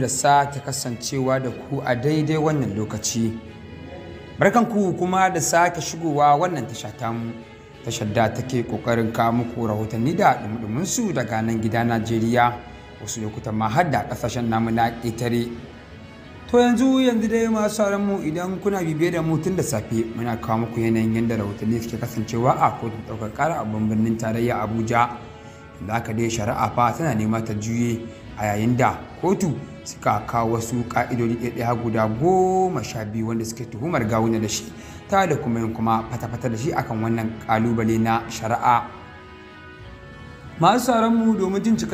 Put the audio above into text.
da sake kasancewa da ku a daidai wannan lokaci. Barkanku kuma da sake shigowa wannan tasha tamu, tashar da take kokarin kawo muku rahotanni da su daga nan gida Najeriya, wasu lokutan ma har da ƙasashen namu na ƙetare. To yanzu yanzu dai masu mu idan kuna bibiye da mu tun da safe muna kawo muku yanayin yadda rahotanni suke kasancewa a kotun ɗaukar ƙara a birnin tarayya Abuja. Da aka dai shari'a fa tana nema ta juye a yayin da kotu suka kawo wasu ka'idodi ɗaya guda goma sha biyu wanda suke tuhumar gawuna da shi ta da kuma yin kuma fata-fata da shi akan wannan ƙalubale na shari'a masu tsaron mu domin jin